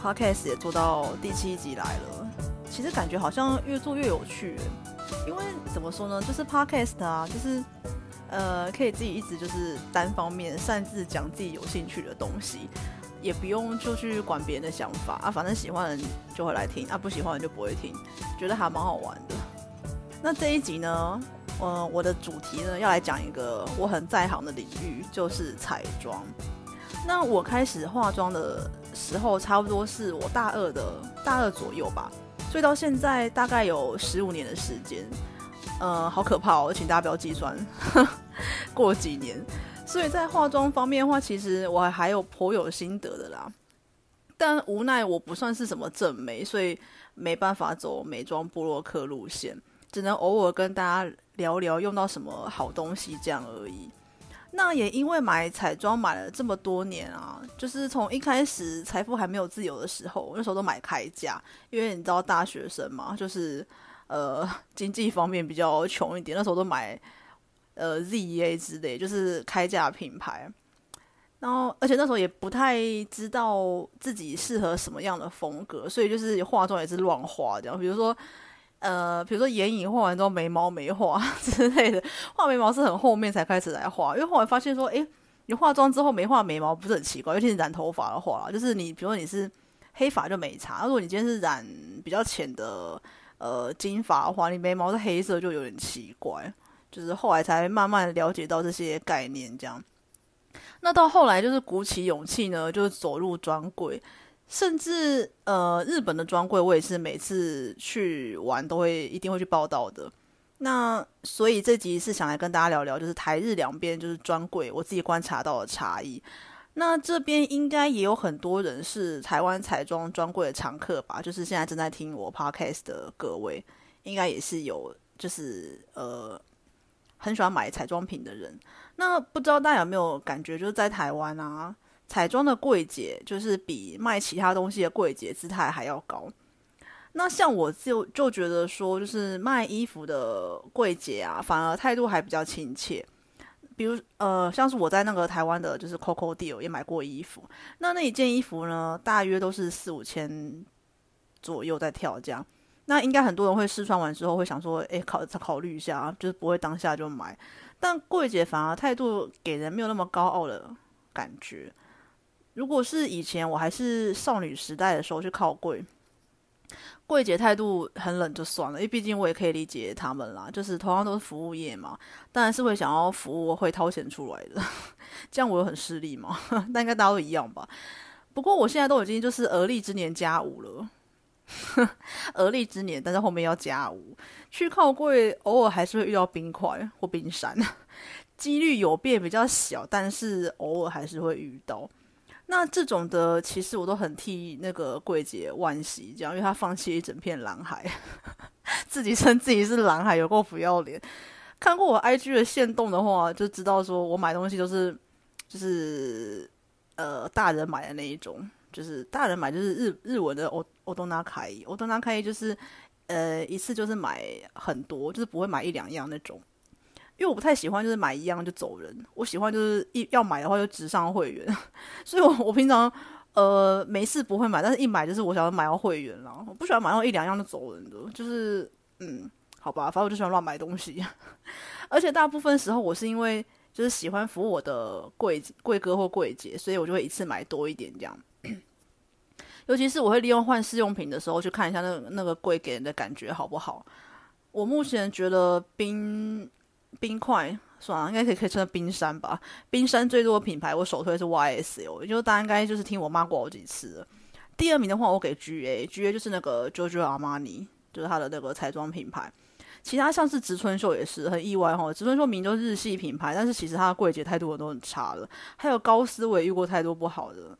Podcast 也做到第七集來了，其實感覺好像越做越有趣欸，因為怎麼說呢，就是 Podcast 啊，就是呃，可以自己一直就是單方面擅自講自己有興趣的東西，也不用就去管別人的想法啊，反正喜歡的人就會來聽啊，不喜歡的人就不會聽，覺得還蠻好玩的。那這一集呢，呃，我的主題呢要來講一個我很在行的領域，就是彩妝。那我開始化妝的時候差不多是我大二的大二左右吧，所以到現在大概有十五年的時間，呃，好可怕哦，請大家不要計算 過幾年。所以在化妝方面的話，其實我還有頗有心得的啦，但無奈我不算是什麼正妹，所以沒辦法走美妝部落客路線，只能偶爾跟大家聊聊用到什麼好東西這樣而已。那也因為買彩妝買了這麼多年啊，就是從一開始財富還沒有自由的時候，那時候都買開架，因為你知道大學生嘛，就是呃經濟方面比較窮一點，那時候都買呃 ZA 之類，就是開架品牌。然後，而且那時候也不太知道自己適合什麼樣的風格，所以就是化妝也是亂化這樣，比如說。呃，比如說眼影畫完之後眉毛沒畫之類的，畫眉毛是很後面才開始來畫，因為後來發現說，誒、欸，你化妝之後沒畫眉毛不是很奇怪？尤其是染頭髮的話，就是你比如說你是黑髮就沒差，如果你今天是染比較淺的，呃，金髮的話，你眉毛是黑色就有點奇怪。就是後來才慢慢了解到這些概念這樣。那到後來就是鼓起勇氣呢，就是走入專櫃。甚至呃，日本的專櫃我也是每次去玩都會一定會去報到的。那所以這集是想來跟大家聊聊，就是台日兩邊就是專櫃我自己觀察到的差異。那這邊應該也有很多人是台灣彩妝專櫃的常客吧？就是現在正在聽我 podcast 的各位，應該也是有就是呃很喜歡買彩妝品的人。那不知道大家有沒有感覺，就是在台灣啊。彩妝的櫃姐就是比賣其他東西的櫃姐姿態還要高。那像我就就覺得說，就是賣衣服的櫃姐啊，反而態度還比較親切。比如呃，像是我在那個台灣的，就是 COCO DEAL 也買過衣服。那那一件衣服呢，大約都是四五千左右在跳價。那應該很多人會試穿完之後會想說，誒、欸，考考慮一下啊，就是不會當下就買。但櫃姐反而態度給人沒有那麼高傲的感覺。如果是以前我還是少女時代的時候去靠櫃，櫃姐態度很冷就算了，因為畢竟我也可以理解他們啦，就是同樣都是服務業嘛，當然是會想要服務會掏錢出來的，這樣我又很勢利嘛，但應該大家都一樣吧。不過我現在都已經就是而立之年加五了，而立之年，但是後面要加五，去靠櫃偶爾還是會遇到冰塊或冰山，幾率有變比較小，但是偶爾還是會遇到。那這種的，其實我都很替那個櫃姐惋惜，這樣，因為她放棄一整片藍海呵呵，自己稱自己是藍海，有夠不要臉。看過我 IG 的限動的話，就知道說我買東西都是，就是，呃，大人買的那一種，就是大人買就是日日文的歐歐東納卡伊，歐東納卡伊就是，呃，一次就是買很多，就是不會買一兩樣那種。因為我不太喜歡，就是買一樣就走人。我喜歡就是一要買的話就直上會員， 所以我我平常呃沒事不會買，但是一買就是我想要買到會員啦。我不喜歡買到一兩樣就走人的，就是嗯，好吧，反正我就喜歡亂買東西。 而且大部分時候我是因為就是喜歡服我的櫃櫃哥或櫃姐，所以我就會一次買多一點這樣。 尤其是我會利用換試用品的時候去看一下那那個櫃給人的感覺好不好。我目前覺得冰。冰塊算了，應該可以可以稱冰山吧。冰山最多的品牌，我首推是 Y S L，因為大家應該就是聽我罵過好幾次了。第二名的話，我給 G A，G A 就是那個 Giorgio Armani，就是他的那個彩妝品牌。其他像是植村秀也是很意外哈，植村秀明都是日系品牌，但是其實他的櫃姐態度很多很差的。還有高絲，我也遇過太多不好的，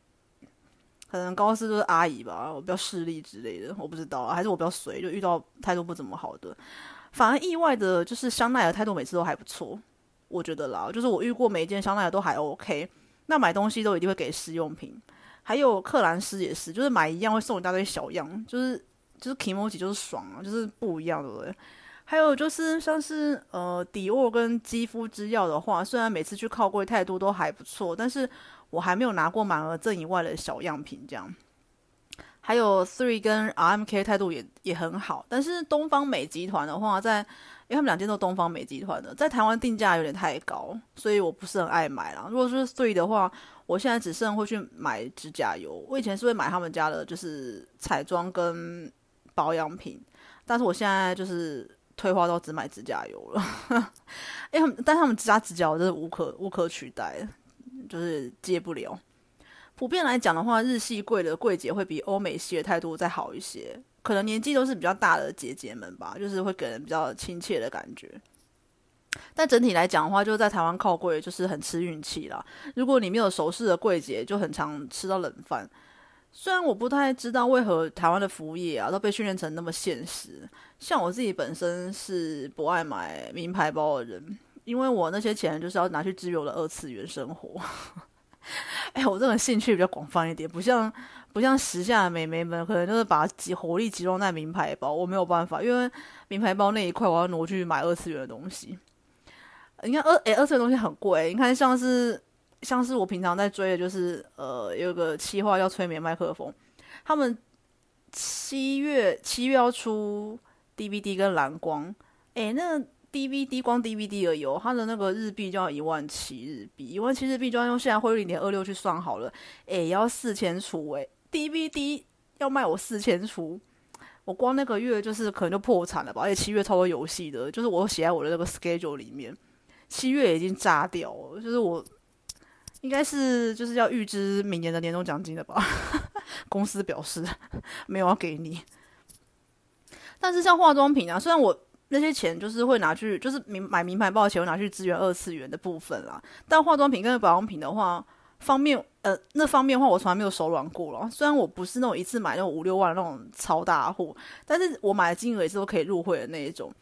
可能高絲都是阿姨吧，我比較勢利之類的，我不知道，還是我比較隨，就遇到態度不怎麼好的。反而意外的就是香奈兒態度每次都還不錯，我覺得啦，就是我遇過每一件香奈兒都還 OK，那買東西都一定會給試用品，還有克蘭詩也是，就是買一樣會送一大堆小樣，就是就是 kimochi 就是爽啊，就是不一樣的，對不對？還有就是像是呃迪奧跟肌膚之鑰的話，雖然每次去靠櫃態度都還不錯，但是我還沒有拿過滿額贈以外的小樣品這樣。還有 three 跟 RMK 態度也也很好，但是東方美集團的話，在，因為他們兩間都是東方美集團的，在台灣定價有點太高，所以我不是很愛買了。如果是 three 的話，我現在只剩會去買指甲油。我以前是會買他們家的，就是彩妝跟保養品，但是我現在就是退化到只買指甲油了。哎， 但他們指甲指甲我真的無可無可取代，就是接不了。普遍來講的話，日系櫃的櫃姐會比歐美系的態度再好一些，可能年紀都是比較大的姐姐們吧，就是會給人比較親切的感覺。但整體來講的話，就是在台灣靠櫃就是很吃運氣啦。如果你沒有熟識的櫃姐，就很常吃到冷飯。雖然我不太知道為何台灣的服務業啊都被訓練成那麼現實，像我自己本身是不愛買名牌包的人，因為我那些錢就是要拿去支援我的二次元生活。哎，我這種興趣比較廣泛一點，不像不像時下的美眉們，可能就是把集火力集中在名牌包，我沒有辦法，因為名牌包那一塊我要挪去買二次元的東西。呃、你看二誒，二次元的東西很貴，你看像是像是我平常在追的，就是呃有個企劃叫催眠麥克風，他們七月七月要出 DVD 跟藍光，誒，那。DVD 光 DVD 而已、哦，它的那個日幣就要一萬七日幣，一萬七日幣就要用現在匯率零點二六去算好了，哎、欸，要四千出，誒，DVD 要賣我四千出，我光那個月就是可能就破產了吧，而且七月超多遊戲的，就是我寫在我的那個 schedule 裡面，七月已經炸掉了，就是我應該是就是要預支明年的年終獎金了吧， 公司表示沒有要給你，但是像化妝品啊，雖然我。那些錢就是會拿去，就是名買名牌包的錢，我拿去支援二次元的部分啦。但化妝品跟保養品的話，方面呃那方面的話，我從來沒有手軟過了。雖然我不是那種一次買那種五六萬那種超大戶，但是我買的金額也是都可以入會的那一種。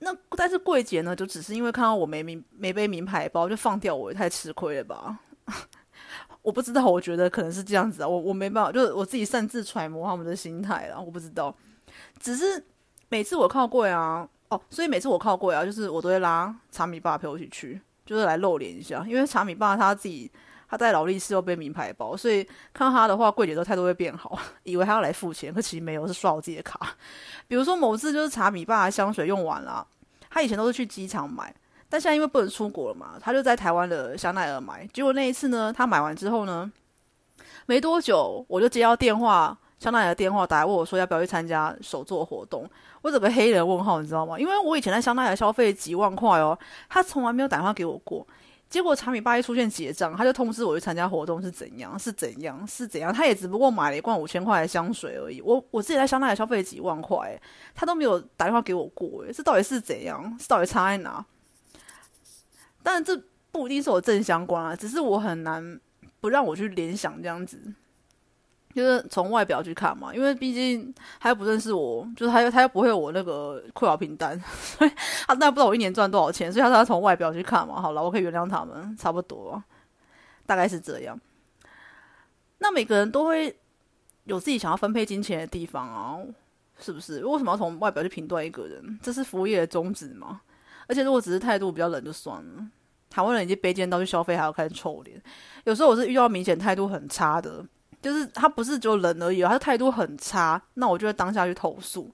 那但是櫃姐呢，就只是因為看到我沒名沒背名牌包，就放掉我，也太吃虧了吧？ 我不知道，我覺得可能是這樣子啊。我我沒辦法，就是我自己擅自揣摩他們的心態啊，我不知道，只是。每次我靠櫃啊，哦，所以每次我靠櫃啊，就是我都會拉茶米爸陪我一起去，就是來露臉一下。因為茶米爸他自己，他戴勞力士又背名牌包，所以看到他的話，櫃姐都態度會變好，以為他要來付錢，可其實沒有，是刷我自己的卡。比如說某次就是茶米爸的香水用完了，他以前都是去機場買，但現在因為不能出國了嘛，他就在台灣的香奈兒買。結果那一次呢，他買完之後呢，沒多久我就接到電話。香奈兒的電話打來問我說要不要去參加手作活動，我整個黑人問號，你知道嗎？因為我以前在香奈兒消費幾萬塊哦，他從來沒有打電話給我過。結果茶米巴一出現結賬他就通知我去參加活動是怎樣？是怎樣？是怎樣？他也只不過買了一罐五千塊的香水而已。我我自己在香奈兒消費幾萬塊，他都沒有打電話給我過，哎，這到底是怎樣？是到底差在哪？但這不一定是我正相關啊，只是我很難不讓我去聯想這樣子。就是從外表去看嘛，因為畢竟他又不認識我，就是他又他又不會有我那個扣繳憑單。所以他當然不知道我一年賺多少錢，所以他說他從外表去看嘛。好了，我可以原諒他們，差不多，大概是這樣。那每個人都會有自己想要分配金錢的地方啊，是不是？為什麼要從外表去評斷一個人？這是服務業的宗旨嘛。而且如果只是態度比較冷就算了，台灣人已經卑賤到去消費還要開始臭臉。有時候我是遇到明顯態度很差的，就是他不是就冷而已，他的態度很差，那我就在當下去投訴。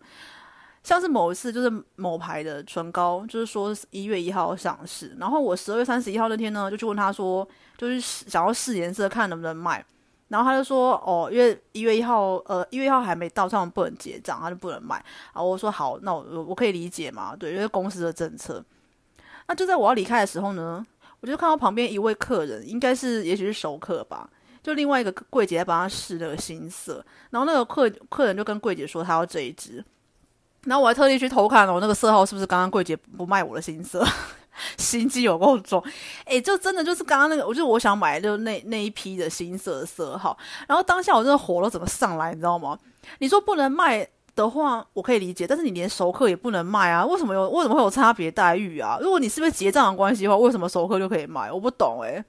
像是某一次，就是某牌的唇膏，就是說一月一號上市，然後我十二月三十一號那天呢，就去問他說，就是想要試顏色，看能不能賣，然後他就說，哦，因為一月一號，呃，一月一號還沒到，他們不能結賬，他就不能賣。然後我說好，那我我可以理解嘛，對，因為公司的政策。那就在我要離開的時候呢，我就看到旁邊一位客人，應該是也許是熟客吧。就另外一個櫃姐在幫他試那個新色，然後那個客客人就跟櫃姐說他要這一支，然後我還特地去偷看了、哦、我那個色號是不是剛剛櫃姐不賣我的新色， 心機有夠重，誒。就真的就是剛剛那個，我就是、我想買的就是那那一批的新色的色號，然後當下我真的火了怎麼上來，你知道嗎？你說不能賣的話我可以理解，但是你連熟客也不能賣啊，為什麼有為什麼會有差別待遇啊？如果你是不是結賬的關係的話，為什麼熟客就可以賣？我不懂誒。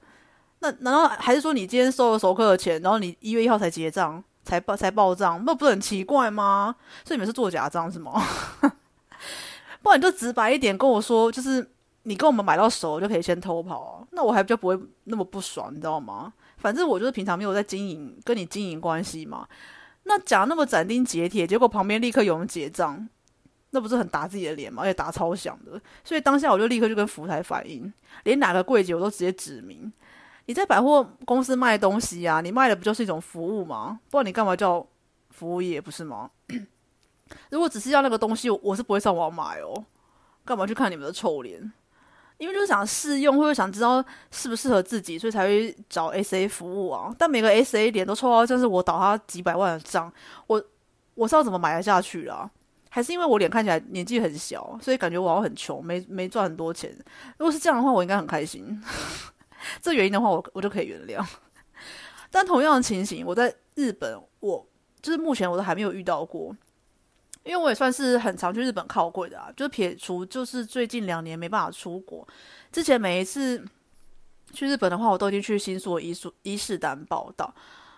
那難道還是說你今天收了熟客的錢，然後你一月一號才結賬才，才報才報賬，那不是很奇怪嗎？所以你們是做假賬是嗎？ 不然你就直白一點跟我說，就是你跟我們買到熟就可以先偷跑，啊，那我還不就不會那麼不爽，你知道嗎？反正我就是平常沒有在經營跟你經營關係嘛。那講那麼斬釘截鐵，結果旁邊立刻有人結賬，那不是很打自己的臉嗎？而且打超響的，所以當下我就立刻就跟服務台反映，連哪個櫃姐我都直接指名。你在百貨公司賣東西呀、啊？你賣的不就是一種服務嗎？不然你幹嘛叫服務業不是嗎？ 如果只是要那個東西，我是不會上網買哦。幹嘛去看你們的臭臉？因為就是想試用，或者想知道適不適合自己，所以才會找 S A 服務啊。但每個 S A 臉都臭到像是我倒他幾百萬的賬，我我是要怎麼買得下去啊？還是因為我臉看起來年紀很小，所以感覺我要很窮，沒沒賺很多錢。如果是這樣的話，我應該很開心。 這原因的話我，我我就可以原諒。 但同樣的情形，我在日本，我就是目前我都還沒有遇到過，因為我也算是很常去日本靠櫃的啊。就是撇除，就是最近兩年沒辦法出國，之前每一次去日本的話，我都已經去新宿的伊勢、伊勢丹報到。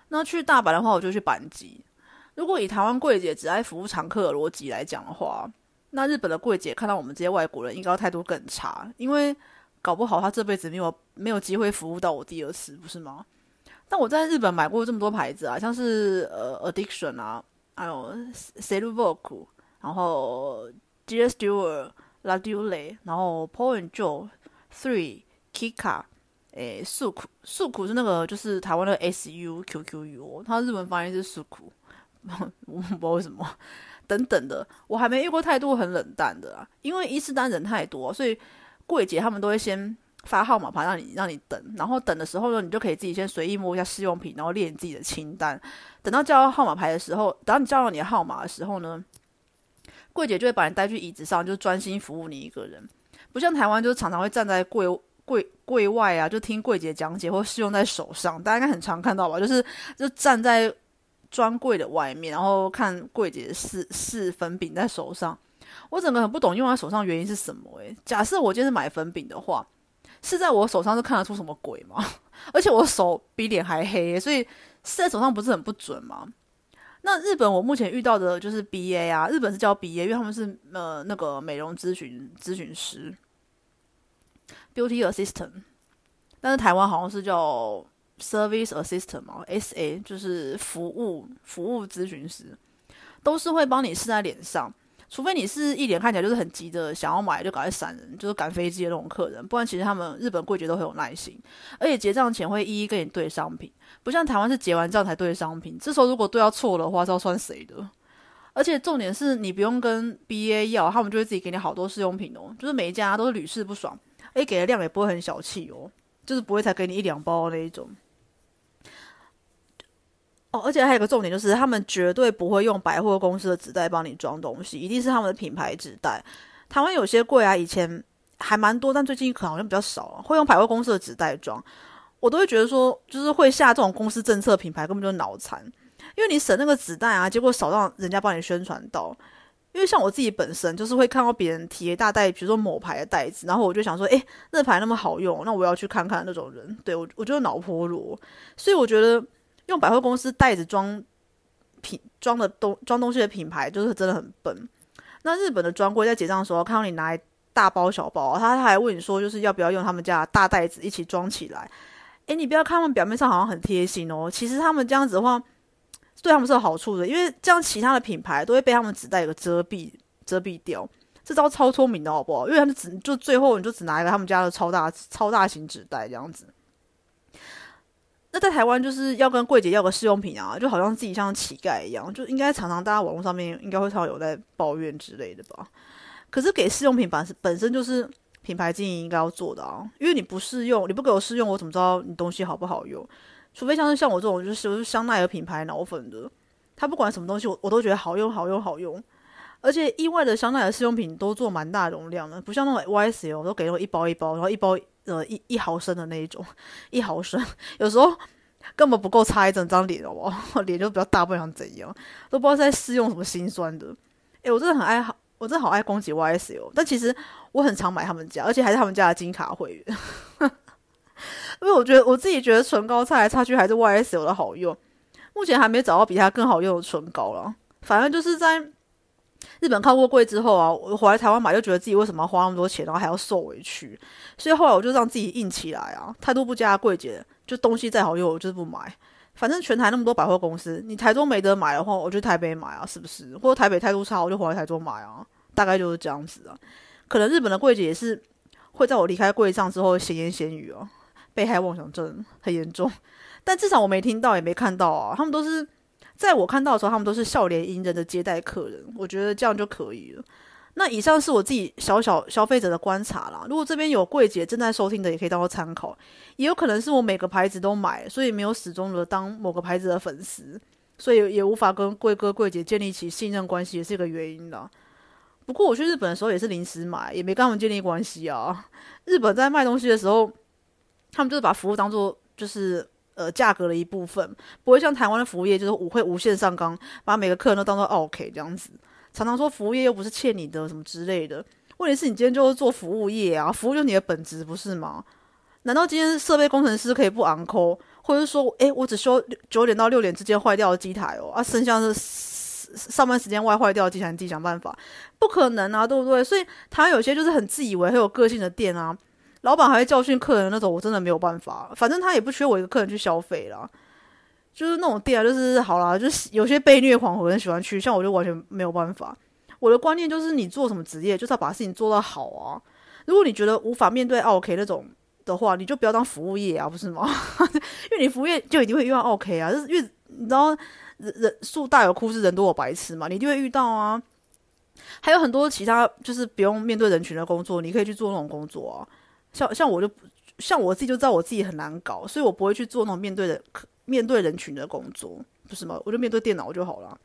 那去大阪的話，我就去阪急。如果以台灣櫃姐只愛服務常客的邏輯來講的話，那日本的櫃姐看到我們這些外國人，應該態度更差，因為。搞不好他這輩子沒有沒有機會服務到我第二次，不是嗎？但我在日本買過這麼多牌子啊，像是呃 Addiction 啊，還有 c e l u v o k u 然後 Dear Stewart，Ladule，然後 p o u and Joe，Three，Kika，誒，素苦訴苦是那個就是台灣的 S U Q Q U 他它日本發音是素苦，我不知道為什麼，等等的，我還沒遇過態度很冷淡的啊，因為一次單人太多、啊，所以。櫃姐他們都會先發號碼牌讓你讓你等，然後等的時候呢，你就可以自己先隨意摸一下試用品，然後列自己的清單。等到叫到號碼牌的時候，等到你叫到你的號碼的時候呢，櫃姐就會把你帶去椅子上，就專心服務你一個人。不像台灣，就常常會站在櫃櫃櫃外啊，就聽櫃姐講解或試用在手上。大家應該很常看到吧？就是就站在專櫃的外面，然後看櫃姐試試粉餅在手上。我整個很不懂用在手上原因是什麼？誒，假設我今天是買粉餅的話，試在我手上是看得出什麼鬼嗎？而且我手比臉還黑，所以試在手上不是很不準嗎？那日本我目前遇到的就是 BA 啊，日本是叫 BA，因為他們是呃那個美容諮詢諮詢師 Beauty Assistant，但是台灣好像是叫 Service Assistant 嘛，SA 就是服務服務諮詢師，都是會幫你試在臉上。除非你是一點看起來就是很急的想要買，就趕快閃人，就是趕飛機的那種客人，不然其實他們日本櫃姐都很有耐心，而且結賬前會一一跟你對商品，不像台灣是結完賬才對商品。這時候如果對要錯的話是要算誰的？而且重點是你不用跟 B A 要，他們就會自己給你好多試用品哦，就是每一家都是屢試不爽，哎，給的量也不會很小氣哦，就是不會才給你一兩包那一種。哦，而且還有一個重點就是，他們絕對不會用百貨公司的紙袋幫你裝東西，一定是他們的品牌紙袋。台灣有些櫃啊，以前還蠻多，但最近可能好像比較少了，啊，會用百貨公司的紙袋裝。我都會覺得說，就是會下這種公司政策，品牌根本就腦殘，因為你省那個紙袋啊，結果少讓人家幫你宣傳到。因為像我自己本身就是會看到別人提一大袋，比如說某牌的袋子，然後我就想說，誒、欸，那個、牌那麼好用，那我要去看看。那種人，對，我我覺得腦波弱，所以我覺得。用百貨公司袋子裝品裝的東裝東西的品牌，就是真的很笨。那日本的專櫃在結賬的時候，看到你拿大包小包，他還問你說就是要不要用他們家的大袋子一起裝起來？哎、欸，你不要看他們表面上好像很貼心哦，其實他們這樣子的話，對他們是有好處的，因為這樣其他的品牌都會被他們紙袋有個遮蔽遮蔽掉。這招超聰明的好不好？因為他們就只就最後你就只拿一個他們家的超大超大型紙袋這樣子。那在台灣就是要跟櫃姐要個試用品啊，就好像自己像乞丐一樣，就應該常常大家網絡上面應該會常有在抱怨之類的吧。可是給試用品，反正本身就是品牌經營應該要做的啊，因為你不試用，你不給我試用，我怎麼知道你東西好不好用？除非像是像我這種就是我是香奈兒品牌腦粉的，他不管什麼東西我我都覺得好用好用好用，而且意外的香奈兒試用品都做蠻大容量的，不像那種 YSL 都給了我一包一包，然後一包。呃，一一毫升的那一種，一毫升有時候根本不夠擦一整張臉哦，臉就比較大，不想怎樣，都不知道在試用什麼心酸的。誒、欸，我真的很愛好，我真的好愛攻擊 YSL，但其實我很常買他們家，而且還是他們家的金卡會員， 因為我覺得我自己覺得唇膏擦來擦去還是 YSL 的好用，目前還沒找到比它更好用的唇膏了，反正就是在。日本靠過櫃之後啊，我回來台灣買，就覺得自己為什麼要花那麼多錢，然後還要受委屈，所以後來我就讓自己硬起來啊，態度不佳的櫃姐，就東西再好用我就是不買，反正全台那麼多百貨公司，你台中沒得買的話，我去台北買啊，是不是？或者台北態度差，我就回來台中買啊，大概就是這樣子啊。可能日本的櫃姐也是會在我離開櫃上之後閒言閒語哦、啊，被害妄想症很嚴重，但至少我沒聽到也沒看到啊，他們都是。在我看到的時候，他們都是笑臉迎人的接待客人，我覺得這樣就可以了。那以上是我自己小小消費者的觀察啦。如果這邊有櫃姐正在收聽的，也可以當做參考。也有可能是我每個牌子都買，所以沒有始終的當某個牌子的粉絲，所以也無法跟櫃哥櫃姐建立起信任關係，也是一個原因啦。不過我去日本的時候也是臨時買，也沒跟他們建立關係啊。日本在賣東西的時候，他們就是把服務當做就是。呃，價格的一部分，不會像台灣的服務業，就是會無限上綱，把每個客人都當做 OK 這樣子。常常說服務業又不是欠你的什麼之類的，問題是你今天就是做服務業啊，服務就是你的本職，不是嗎？難道今天設備工程師可以不 on call，或者是說，誒、欸，我只修九點到六點之間壞掉的機台哦，啊，剩下的是上班時間外壞掉的機台你自己想辦法。不可能啊，對不對？所以台灣有些就是很自以為很有個性的店啊。老板還會教訓客人的那種，我真的沒有辦法。反正他也不缺我一個客人去消費啦，就是那種店，就是好啦，就是有些被虐狂我很喜歡去，像我就完全沒有辦法。我的觀念就是，你做什麼職業，就是要把事情做到好啊。如果你覺得無法面對 OK 那種的話，你就不要當服務業啊，不是嗎？ 因為你服務業就一定會遇到 OK 啊，就是越然後樹大有枯枝，人多有白痴嘛，你一定會遇到啊。還有很多其他就是不用面對人群的工作，你可以去做那種工作啊。像像我就不像，我自己就知道我自己很難搞，所以我不會去做那種面對的面對人群的工作，不是嗎？我就面對電腦就好了。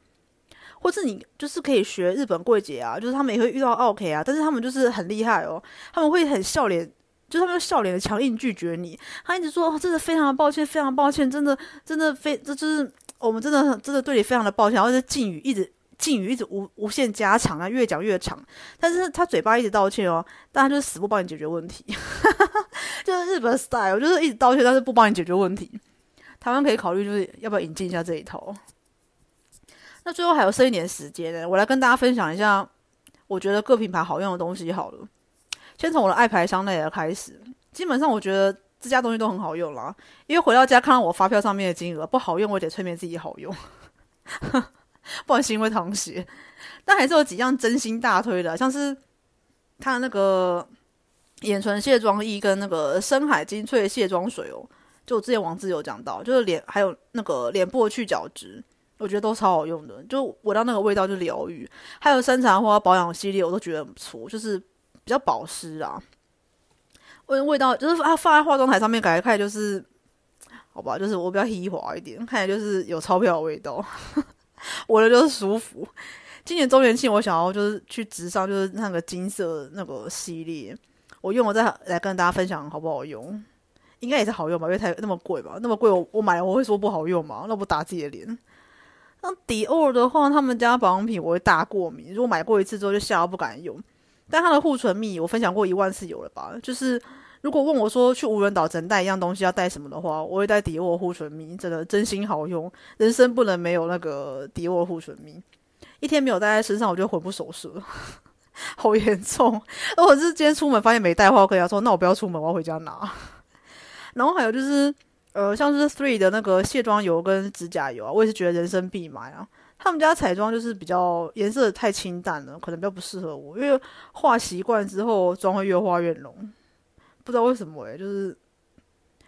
或是你就是可以學日本櫃姐啊，就是他們也會遇到 OK 啊，但是他們就是很厲害哦，他們會很笑臉，就是他們笑臉的強硬拒絕你，他一直說，哦，真的非常抱歉，非常抱歉，真的真的非這就是我們真的真的對你非常的抱歉，然後是敬語一直。敬語一直無無限加長啊，越講越長。但是他嘴巴一直道歉哦，但他就是死不幫你解決問題， 就是日本 style，就是一直道歉，但是不幫你解決問題。台灣可以考慮就是要不要引進一下這一套。那最後還有剩一點時間呢、欸，我來跟大家分享一下，我覺得各品牌好用的東西好了。先從我的愛牌香奈兒開始，基本上我覺得這家東西都很好用啦，因為回到家看到我發票上面的金額不好用，我得催眠自己好用。 不然是因為淌血，但還是有幾樣真心大推的，像是他的那個眼唇卸妝液跟那個深海精粹卸妝水哦、喔。就我之前王志有講到，就是臉還有那個臉部去角質，我覺得都超好用的。就聞到那個味道就療癒，還有山茶花保養系列，我都覺得很不錯，就是比較保濕啊。味味道，就是它放在化妝台上面，看起看來，就是好吧，就是我比較奢華一點，看起來就是有鈔票的味道。我的就是舒服。今年周年慶，我想要就是去直上，就是那個金色那個系列，我用了再來跟大家分享好不好用。應該也是好用吧，因為太那麼貴吧，那麼貴我我買了我會說不好用嘛，那不打自己的臉？那迪奧的話，他們家保養品我會大過敏，如果買過一次之後就嚇到不敢用。但他的護唇蜜我分享過一萬次有了吧，就是。如果問我說去無人島只能帶一樣東西，要帶什麼的話，我會帶 Dior 護唇蜜，真的真心好用，人生不能沒有那個 Dior 護唇蜜，一天沒有帶在身上，我就魂不守舍， 好嚴重。如果是今天出門發現沒帶的話，我可以說那我不要出門，我要回家拿。然後還有就是，呃，像是 three 的那個卸妝油跟指甲油啊，我也是覺得人生必買啊。他們家彩妝就是比較顏色太清淡了，可能比較不適合我，因為化習慣之後妝會越化越濃。不知道為什麼、欸、就是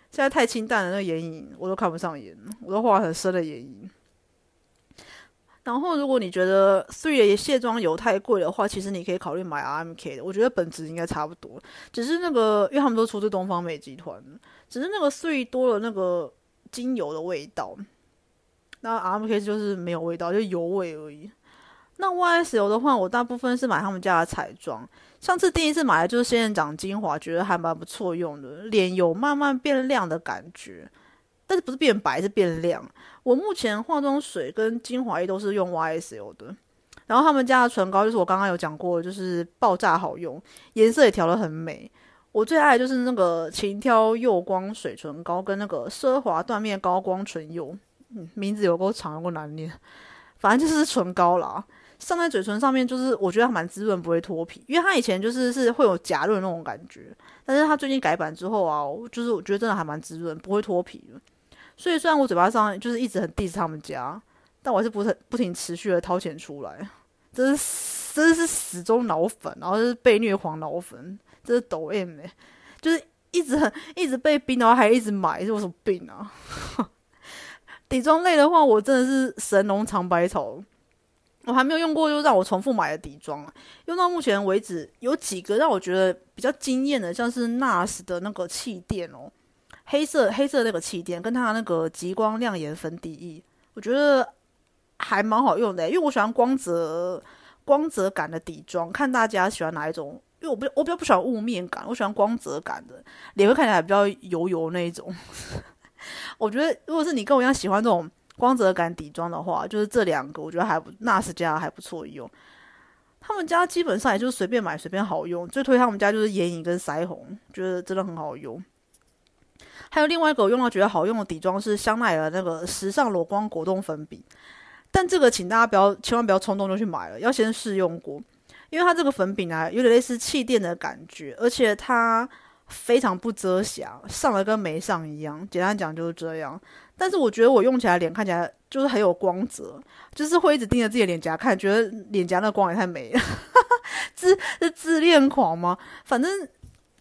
現在太清淡了，那個眼影，我都看不上眼，我都畫很深的眼影。然後如果你覺得 THREE 卸妝油太貴的話，其實你可以考慮買 R M K 的，我覺得本質應該差不多，只是那個因為他們都出自東方美集團，只是那個 THREE 多了那個精油的味道，那 R M K 就是沒有味道，就油味而已。那 YSL 的話，我大部分是買他們家的彩妝。上次第一次買的就是仙人掌精華，覺得還蠻不錯用的，臉有慢慢變亮的感覺，但是不是變白是變亮。我目前化妝水跟精華液都是用 YSL 的，然後他們家的唇膏就是我剛剛有講過，就是爆炸好用，顏色也調得很美。我最愛的就是那個情挑釉光水唇膏跟那個奢華緞面高光唇釉。嗯、名字有夠長又夠難念，反正就是唇膏啦。上在嘴唇上面就是，我覺得還蠻滋潤，不會脫皮。因為它以前就是是會有假潤那種感覺，但是它最近改版之後啊，就是我覺得真的還蠻滋潤，不會脫皮。所以雖然我嘴巴上就是一直很 diss 他們家，但我還是不是不停持續的掏錢出來，這是真是死忠老粉，然後就是被虐狂老粉，這是抖 M 的、欸，就是一直很一直被逼，然後還一直買，這有什麼病啊？ 底妝類的話，我真的是神農嘗百草。我還沒有用過，又讓我重複買的底妝。用到目前為止，有幾個讓我覺得比較驚豔的，像是 NARS 的那個氣墊哦，黑色黑色的那個氣墊，跟它的那個極光亮眼粉底液，我覺得還蠻好用的。因為我喜歡光澤光澤感的底妝，看大家喜歡哪一種。因為我不我比較不喜歡霧面感，我喜歡光澤感的，臉會看起來比較油油那一種。 我覺得如果是你跟我一樣喜歡這種。光澤感底妝的話，就是這兩個，我覺得還不，納斯家還不錯用。他們家基本上也就是隨便買隨便好用，最推他們家就是眼影跟腮紅，覺得真的很好用。還有另外一個我用到覺得好用的底妝是香奈兒的那個時尚裸光果凍粉餅，但這個請大家不要千萬不要衝動就去買了，要先試用過，因為它這個粉餅啊有點類似氣墊的感覺，而且它非常不遮瑕，上了跟沒上一樣。簡單講就是這樣。但是我覺得我用起來臉看起來就是很有光澤，就是會一直盯着自己的臉頰看，覺得臉頰那個光也太美了， 自是自戀狂嗎？反正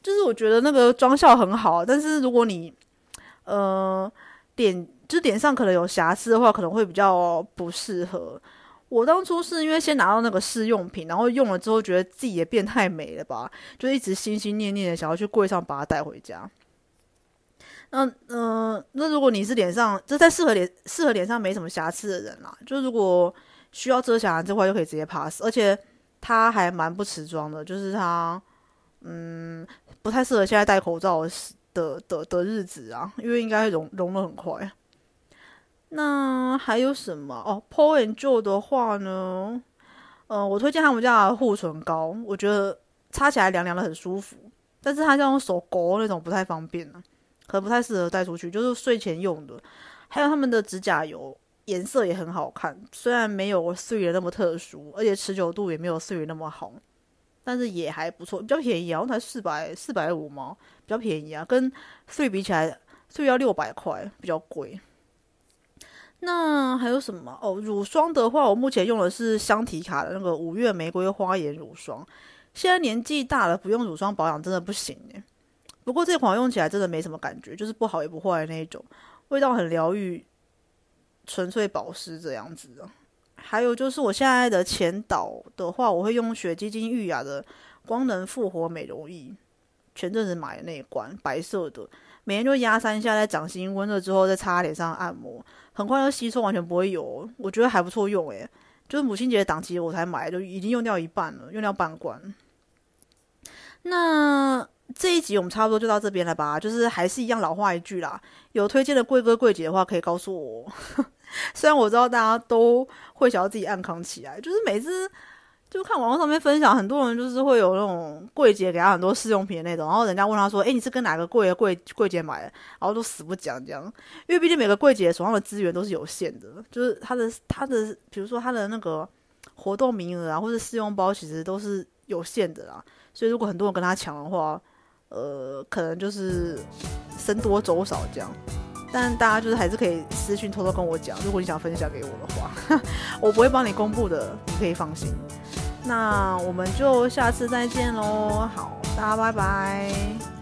就是我覺得那個妝效很好，但是如果你，呃，臉就是、臉上可能有瑕疵的話，可能會比較不適合。我當初是因為先拿到那個試用品，然後用了之後覺得自己也變太美了吧，就一直心心念念的想要去櫃上把它帶回家。那嗯、呃，那如果你是臉上，這在適合臉適合臉上沒什麼瑕疵的人啦、啊，就如果需要遮瑕這塊就可以直接 pass。而且它還蠻不持妝的，就是它，嗯，不太適合現在戴口罩的的的,的日子啊，因為應該會融融的很快。那還有什麼哦？Paul & Joe 的話呢？呃，我推薦他們家的護唇膏，我覺得擦起來涼涼的很舒服，但是它這用手勾那種不太方便啊。可能不太適合帶出去，就是睡前用的。還有他們的指甲油顏色也很好看，雖然沒有睡的那麼特殊，而且持久度也沒有睡的那麼好，但是也還不錯，比較便宜啊，然後才四百四百五嘛，比較便宜啊，跟睡比起來，睡要六百塊，比較貴。那還有什麼？哦，乳霜的話，我目前用的是香緹卡的那個五月玫瑰花顏乳霜。現在年紀大了，不用乳霜保養真的不行欸。不過這款用起來真的沒什麼感覺，就是不好也不壞那一種，味道很療癒，純粹保濕這樣子。還有就是我現在的前導的話，我會用雪肌精御雅的光能復活美容液，前陣子買的那一罐白色的，每天就壓三下在掌心，溫熱之後再擦臉上按摩，很快就吸收，完全不會油，我覺得還不錯用誒、欸，就是母親節檔期我才買就已經用掉一半了，用掉半罐。那。這一集我們差不多就到這邊了吧，就是還是一樣老話一句啦，有推薦的櫃哥櫃姐的話可以告訴我。 雖然我知道大家都會想要自己暗槓起來，就是每次就看網絡上面分享，很多人就是會有那種櫃姐給他很多試用品的那種，然後人家問他說：“哎、欸，你是跟哪個櫃櫃櫃姐買的？”然後都死不講這樣，因為畢竟每個櫃姐手上的資源都是有限的，就是他的他的，比如說他的那個活動名額啊，或者試用包，其實都是有限的啦。所以如果很多人跟他搶的話，呃，可能就是生多粥少這樣，但大家就是還是可以私訊偷偷跟我講，如果你想分享給我的話，我不會幫你公布的，你可以放心。那我們就下次再見嘍，好，大家拜拜。